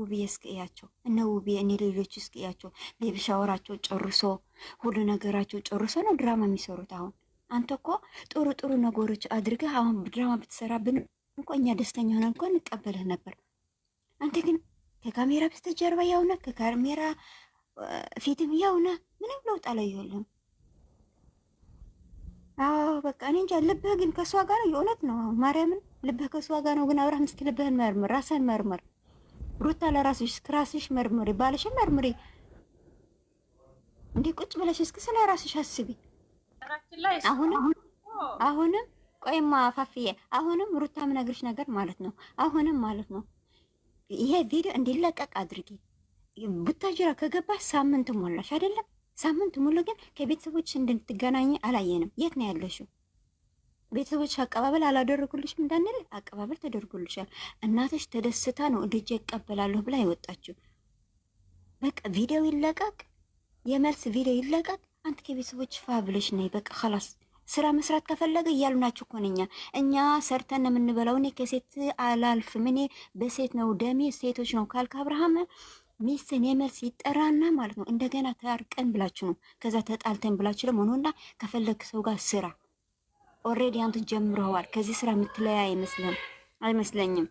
ውብዬ እስቅያቸው እነ ውብዬ እኔ ልጆች እስቅያቸው ቤቢ ሻወራቸው ጨርሶ ሁሉ ነገራቸው ጨርሶ ነው ድራማ የሚሰሩት። አሁን አንተ እኮ ጥሩ ጥሩ ነገሮች አድርገህ አሁን ድራማ ብትሰራ ብን እንኳ እኛ ደስተኛ ሆነ እንኳ እንቀበልህ ነበር። አንተ ግን ከካሜራ በስተጀርባ ያውነ ከካሜራ ፊትም ያውነ ምንም ለውጥ አላየሁልም። አዎ በቃ እኔ እንጃ። ልብህ ግን ከእሷ ጋር ነው። የእውነት ነው ማርያምን፣ ልብህ ከእሷ ጋር ነው። ግን አብርሃም እስኪ ልብህን መርምር፣ ራስህን መርምር። ሩታ ለራስሽ ከራስሽ መርምሪ፣ ባልሽን መርምሪ። እንዴ ቁጭ ብለሽ እስኪ ስለ ራስሽ አስቢ። አሁንም አሁንም ቆይማ ፋፍዬ፣ አሁንም ሩታ የምነግርሽ ነገር ማለት ነው አሁንም ማለት ነው ይሄ ቪዲዮ እንዲለቀቅ አድርጊ። ቡታጅራ ከገባሽ ሳምንት ሞላሽ አይደለም? ሳምንት ሙሉ ግን ከቤተሰቦች እንድትገናኝ አላየንም። የት ነው ያለሽው? ቤተሰቦች አቀባበል አላደረጉልሽም እንዳንል አቀባበል ተደርጎልሻል። እናትሽ ተደስታ ነው ልጅ ይቀበላለሁ ብላ አይወጣችሁ። በቃ ቪዲዮ ይለቀቅ፣ የመልስ ቪዲዮ ይለቀቅ። አንተ ከቤተሰቦች ፋ ብለሽ ነይ። በቃ ኸላስ ስራ መስራት ከፈለገ እያሉ ናቸው እኮ እኛ እኛ ሰርተን ነው የምንበላው። እኔ ከሴት አላልፍም። እኔ በሴት ነው ደሜ ሴቶች ነው ካልክ አብርሃም ሚስትን የመልስ ይጠራና ማለት ነው እንደገና ተርቀን ብላችሁ ነው ከዛ ተጣልተን ብላችሁ ደግሞ ሆኖና ከፈለግ ሰው ጋር ስራ ኦሬዲ አንተ ጀምረዋል። ከዚህ ስራ የምትለያ አይመስልም አይመስለኝም።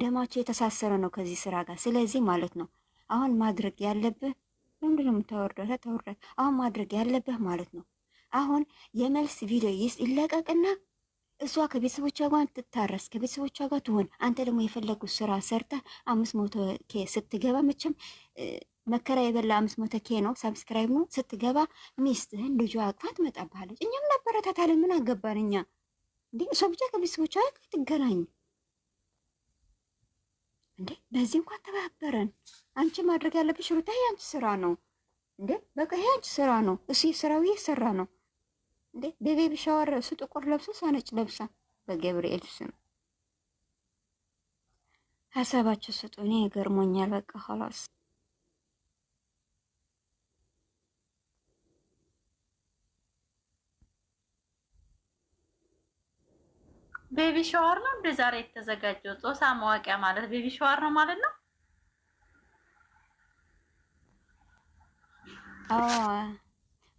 ደማቸው የተሳሰረ ነው ከዚህ ስራ ጋር። ስለዚህ ማለት ነው አሁን ማድረግ ያለብህ ለምንድነው የምታወርደው? ተወርደ አሁን ማድረግ ያለብህ ማለት ነው አሁን የመልስ ቪዲዮ ይስ ይለቀቅና እሷ ከቤተሰቦቿ ጋር ትታረስ፣ ከቤተሰቦቿ ጋር ትሆን። አንተ ደግሞ የፈለጉት ስራ ሰርተህ አምስት መቶ ኬ ስትገባ መቼም መከራ የበላ አምስት መቶ ኬ ነው ሰብስክራይብ ነው። ስትገባ ሚስትህን ልጇ አቅፋ ትመጣብሃለች። እኛም እናበረታታለን። ምን አገባን እኛ እንዴ? እሷ ብቻ ከቤተሰቦቿ ጋር ትገናኝ እንዴ? በዚህ እንኳን ተባበረን። አንቺ ማድረግ ያለብሽ ሩታ፣ አንቺ ስራ ነው እንዴ? በቃ ይሄ አንቺ ስራ ነው። እሱ የስራው የሰራ ነው እንዴ? ቤቢ ሻወር እሱ ጥቁር ለብሶ እሷ ነጭ ለብሳ በገብርኤል ስም ሀሳባቸው ስጡ። እኔ ገርሞኛል። በቃ ኸላስ ቤቢ ሻወር ነው እንደ ዛሬ የተዘጋጀው። ጾታ ማዋቂያ ማለት ቤቢ ሻወር ነው ማለት ነው። አዎ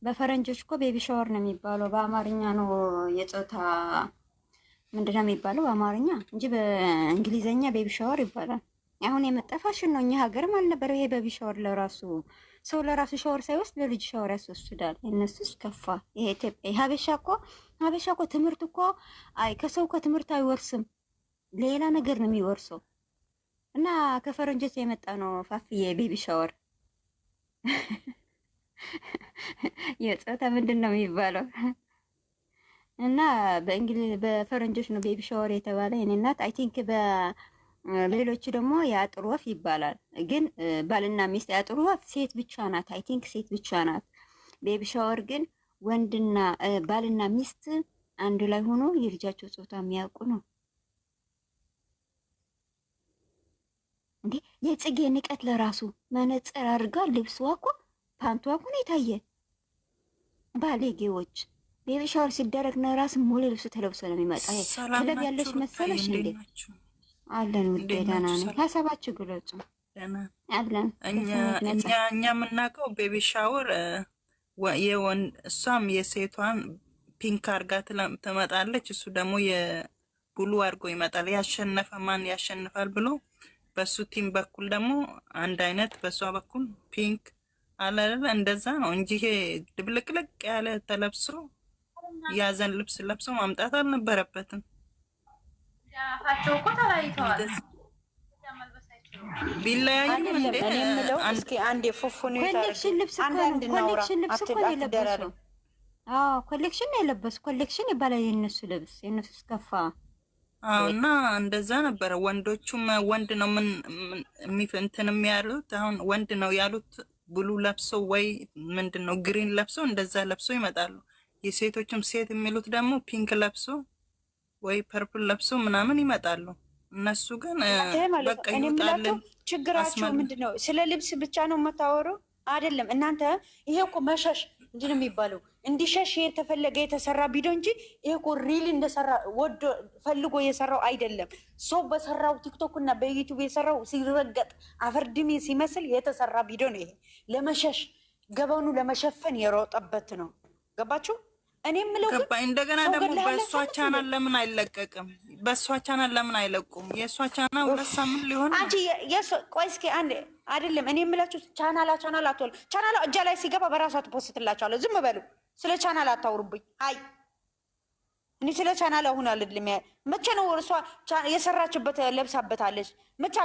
በፈረንጆች እኮ ቤቢ ሻወር ነው የሚባለው። በአማርኛ ነው የጾታ ምንድነው የሚባለው በአማርኛ እንጂ በእንግሊዘኛ ቤቢ ሻወር ይባላል። አሁን የመጣ ፋሽን ነው። እኛ ሀገር ማለት ነበር ይሄ በቢ ሻወር ለራሱ ሰው ለራሱ ሻወር ሳይወስድ ለልጅ ሻወር ያስወስዳል። እነሱስ ከፋ። ይሄ ኢትዮጵያ ሀበሻ እኮ ሀበሻ እኮ ትምህርት እኮ አይ ከሰው ከትምህርት አይወርስም ሌላ ነገር ነው የሚወርሰው። እና ከፈረንጆች የመጣ ነው ፋፍዬ ቤቢ ሻወር የጾታ ምንድን ነው የሚባለው? እና በእንግሊዝ በፈረንጆች ነው ቤቢ ሻወር የተባለ የኔ እናት አይ ቲንክ በ ሌሎቹ ደግሞ የአጥር ወፍ ይባላል። ግን ባልና ሚስት የአጥር ወፍ ሴት ብቻ ናት። አይ ቲንክ ሴት ብቻ ናት። ቤቢ ሻወር ግን ወንድና ባልና ሚስት አንድ ላይ ሆኖ የልጃቸው ጾታ የሚያውቁ ነው። እንዴ የጽጌ ንቀት ለራሱ መነጽር አድርጋ ልብስ ዋኮ ፓንቱ ዋኮ ነው የታየ። ባሌጌዎች ቤቢ ሻወር ሲደረግ ነው ራስ ሙሉ ልብስ ተለብሶ ነው የሚመጣ። ክለብ ያለች መሰለሽ እንዴ? አለን ውዴ፣ ደህና ነው። ሀሳባችሁ ግለጹ። አለን እኛ የምናውቀው ቤቢ ሻወር እሷም የሴቷን ፒንክ አርጋ ትመጣለች፣ እሱ ደግሞ የቡሉ አርጎ ይመጣል። ያሸነፈ ማን ያሸንፋል ብሎ በሱ ቲም በኩል ደግሞ አንድ አይነት በእሷ በኩል ፒንክ አለለ። እንደዛ ነው እንጂ ይሄ ድብልቅልቅ ያለ ተለብሶ ያዘን ልብስ ለብሶ ማምጣት አልነበረበትም። ራሳቸው እኮ ተለያይተዋል። ኮሌክሽን የለበሱ ኮሌክሽን ይባላል የነሱ ልብስ የነሱ ስከፋ እና እንደዛ ነበረ። ወንዶቹም ወንድ ነው ምን እንትን የሚያሉት አሁን ወንድ ነው ያሉት ብሉ ለብሰው ወይ ምንድን ነው ግሪን ለብሰው እንደዛ ለብሰው ይመጣሉ። የሴቶችም ሴት የሚሉት ደግሞ ፒንክ ለብሶ ወይ ፐርፕል ለብሶ ምናምን ይመጣሉ። እነሱ ግን በቃ ይወጣልን። ችግራቸው ምንድን ነው? ስለ ልብስ ብቻ ነው የምታወሩ አይደለም እናንተ። ይሄ እኮ መሸሽ እንዲህ ነው የሚባለው። እንዲሸሽ የተፈለገ የተሰራ ቢዶ እንጂ ይሄ እኮ ሪል እንደሰራ ወዶ ፈልጎ የሰራው አይደለም። ሰው በሰራው ቲክቶክ እና በዩቱብ የሰራው ሲረገጥ አፈርድሜ ሲመስል የተሰራ ቢዶ ነው። ይሄ ለመሸሽ ገበኑ ለመሸፈን የሮጠበት ነው። ገባችሁ? እኔ የምለው እንደገና ደግሞ በእሷ ቻናል ለምን አይለቀቅም? በእሷ ቻናል ለምን አይለቁም? የእሷ ቻናል ሁለት ምን ሊሆን አንቺ ቆይ እስኪ አንድ አይደለም። እኔ የምላችሁ ቻናላ ቻናል አትወል ቻናላ እጃ ላይ ሲገባ በራሷ ትፖስትላቸዋለሁ። ዝም በሉ። ስለ ቻናል አታውሩብኝ። አይ እኔ ስለ ቻናል አሁን አልልም። መቼ ነው እርሷ የሰራችበት ለብሳበታለች? መቼ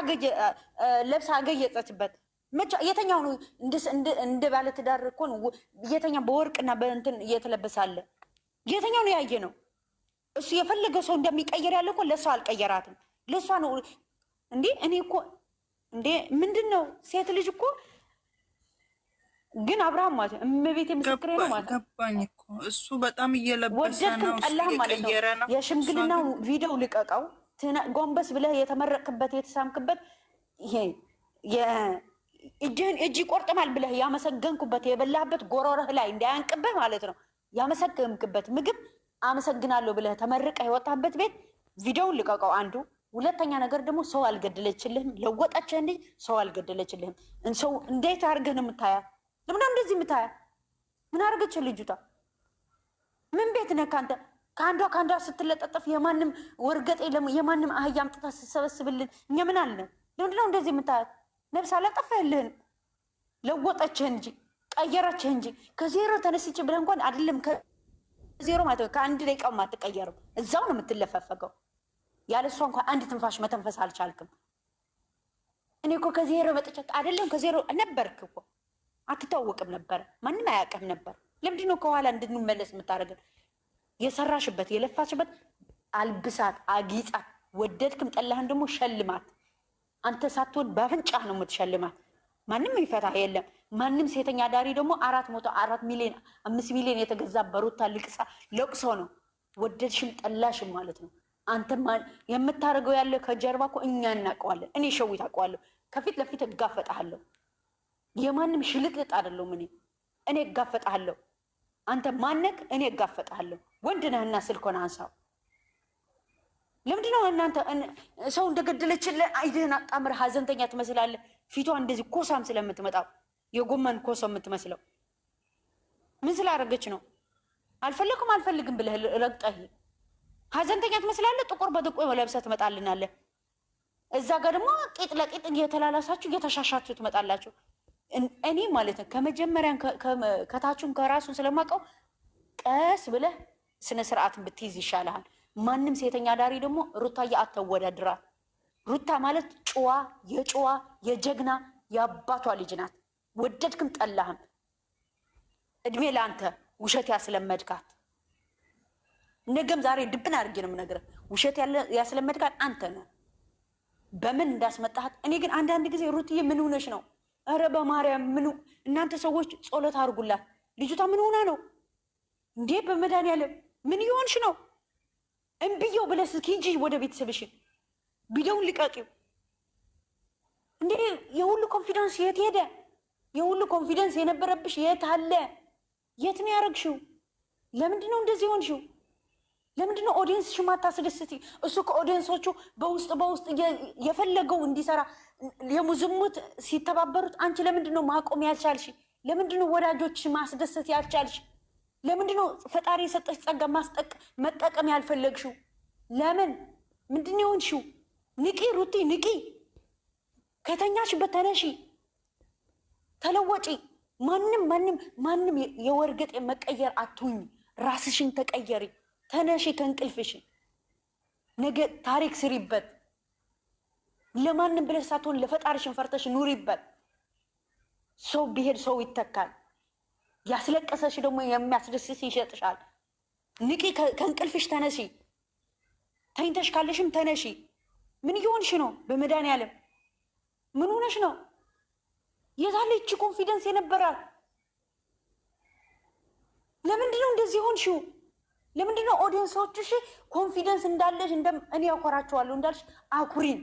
ለብሳ አገየጸችበት? መቼ የተኛው ነው እንደ ባለ ትዳር እኮ ነው የተኛ በወርቅና በእንትን እየተለበሳለ የተኛው ነው ያየ ነው እሱ የፈለገ ሰው እንደሚቀየር ያለ እኮ ለሷ አልቀየራትም። ለሷ ነው እንዴ እኔ እኮ እንዴ ምንድን ነው ሴት ልጅ እኮ ግን አብርሃም ማለት እመቤቴ ምስክሬ ነው ማለት ገባኝ እኮ እሱ በጣም እየለበሰ ነው ማለት ነው። የሽምግልናው ቪዲዮ ልቀቀው። ጎንበስ ብለህ የተመረቅበት የተሳምክበት ይሄ እጅህን እጅ ይቆርጥማል ብለህ ያመሰገንኩበት የበላህበት ጎረረህ ላይ እንዳያንቅብህ ማለት ነው። ያመሰገንክበት ምግብ አመሰግናለሁ ብለህ ተመርቀህ የወጣበት ቤት ቪዲዮውን ልቀቀው። አንዱ ሁለተኛ ነገር ደግሞ ሰው አልገደለችልህም። ለወጣችህ እንዲ ሰው አልገደለችልህም። ሰው እንዴት አድርገህ ነው የምታያ? ለምና እንደዚህ የምታያ? ምን አድርገች ልጁታ? ምን ቤት ነህ ከአንተ ከአንዷ ከአንዷ ስትለጠጠፍ የማንም ወርገጤ የማንም አህያ አምጥታ ስትሰበስብልን እኛ ምን አልነ? ለምንድነው እንደዚህ የምታያት? ነብስ አላጠፋህልህም፣ ለወጠችህ እንጂ ቀየረችህ እንጂ ከዜሮ ተነስች ብለህ እንኳን አይደለም ከዜሮ ማለት ከአንድ ደቂቃውም አትቀየርም፣ እዛው ነው የምትለፈፈገው። ያለ እሷ እንኳን አንድ ትንፋሽ መተንፈስ አልቻልክም። እኔ እኮ ከዜሮ መጥቼ አይደለም ከዜሮ ነበርክ እኮ አትታወቅም ነበረ፣ ማንም አያውቅም ነበር። ለምንድን ነው ከኋላ እንድንመለስ የምታደርገን? የሰራሽበት የለፋሽበት አልብሳት፣ አጊጣት፣ ወደድክም ጠላህን ደግሞ ሸልማት። አንተ ሳትሆን በአፍንጫ ነው የምትሸልማት። ማንም ይፈታህ የለም። ማንም ሴተኛ ዳሪ ደግሞ አራት መቶ አራት ሚሊዮን አምስት ሚሊዮን የተገዛ በሩታ ልቅሳ ለቅሶ ነው። ወደድሽም ጠላሽም ማለት ነው። አንተ የምታደርገው ያለ ከጀርባ እኮ እኛ እናውቀዋለን። እኔ ሸዊት አውቀዋለሁ። ከፊት ለፊት እጋፈጥሃለሁ። የማንም ሽልጥልጥ አይደለሁም እኔ እኔ እጋፈጥሃለሁ። አንተ ማነክ? እኔ እጋፈጣለሁ? ወንድ ነህና ስልኮን አንሳው። ለምንድነው እናንተ ሰው እንደገደለችልህ አይድህን አጣምር ሀዘንተኛ ትመስላለ ፊቷ እንደዚህ ኮሳም ስለምትመጣው የጎመን ኮሶ የምትመስለው ምን ስላደረገች ነው? አልፈለግኩም አልፈልግም ብለህ ረግጠህ ሀዘንተኛ ትመስላለህ። ጥቁር በጥቁር ለብሰ ትመጣልናለህ። እዛ ጋር ደግሞ ቂጥ ለቂጥ እየተላላሳችሁ እየተሻሻችሁ ትመጣላችሁ። እኔ ማለት ነው ከመጀመሪያን ከታችሁን ከራሱን ስለማውቀው ቀስ ብለህ ስነ ስርዓትን ብትይዝ ይሻልሃል። ማንም ሴተኛ ዳሪ ደግሞ ሩታዬ አተወዳድራት። ሩታ ማለት ጨዋ የጨዋ የጀግና የአባቷ ልጅ ናት። ወደድክም ጠላህም እድሜ ለአንተ ውሸት ያስለመድካት። ነገም ዛሬ ድብን አድርጌ ነው የምነግርህ። ውሸት ያስለመድካት አንተ ነህ። በምን እንዳስመጣሃት እኔ ግን አንዳንድ ጊዜ ሩትዬ ምን ሆነሽ ነው? እረ በማርያም ምን እናንተ ሰዎች ጸሎት አድርጉላት። ልጅቷ ምን ሆና ነው እንዴ? በመድኃኒዓለም ምን ይሆንሽ ነው? እምብየው ብለስ እስኪ ሂጂ ወደ ቤተሰብሽን ቢደውን ልቀቂው። እንዴ የሁሉ ኮንፊደንስ የት ሄደ? የሁሉ ኮንፊደንስ የነበረብሽ የት አለ? የት ነው ያደረግሽው? ለምንድን ነው እንደዚህ ሆንሽው? ለምንድን ነው ኦዲየንስ ሽማታ ስደስቲ? እሱ ከኦዲየንሶቹ በውስጥ በውስጥ የፈለገው እንዲሰራ የሙዝሙት ሲተባበሩት፣ አንቺ ለምንድን ነው ማቆም ያልቻልሽ? ለምንድን ነው ወዳጆች ማስደሰት ያልቻልሽ? ለምንድነው ነው ፈጣሪ የሰጠሽ ጸጋ ማስጠቅ መጠቀም ያልፈለግሽው? ለምን ምንድን የሆንሽው? ንቂ ሩቲ ንቂ። ከተኛሽበት ተነሺ፣ ተለወጪ። ማንም ማንም ማንም የወርገጤ መቀየር አትሁኝ። ራስሽን ተቀየሪ። ተነሺ ከእንቅልፍሽ። ነገ ታሪክ ስሪበት። ለማንም ብለሽ ሳትሆን ለፈጣሪሽን ፈርተሽ ኑሪበት። ሰው ቢሄድ ሰው ይተካል። ያስለቀሰሽ ደግሞ የሚያስደስት ይሸጥሻል። ንቂ፣ ከእንቅልፍሽ ተነሺ። ተኝተሽ ካለሽም ተነሺ። ምን እየሆንሽ ነው? በመድኃኒዓለም ምን ሆነሽ ነው? የዛለች ኮንፊደንስ የነበራል። ለምንድን ነው እንደዚህ ሆንሽው? ለምንድን ነው ኦዲየንሶችሽ ኮንፊደንስ እንዳለሽ እኔ ያኮራቸዋለሁ እንዳልሽ አኩሪን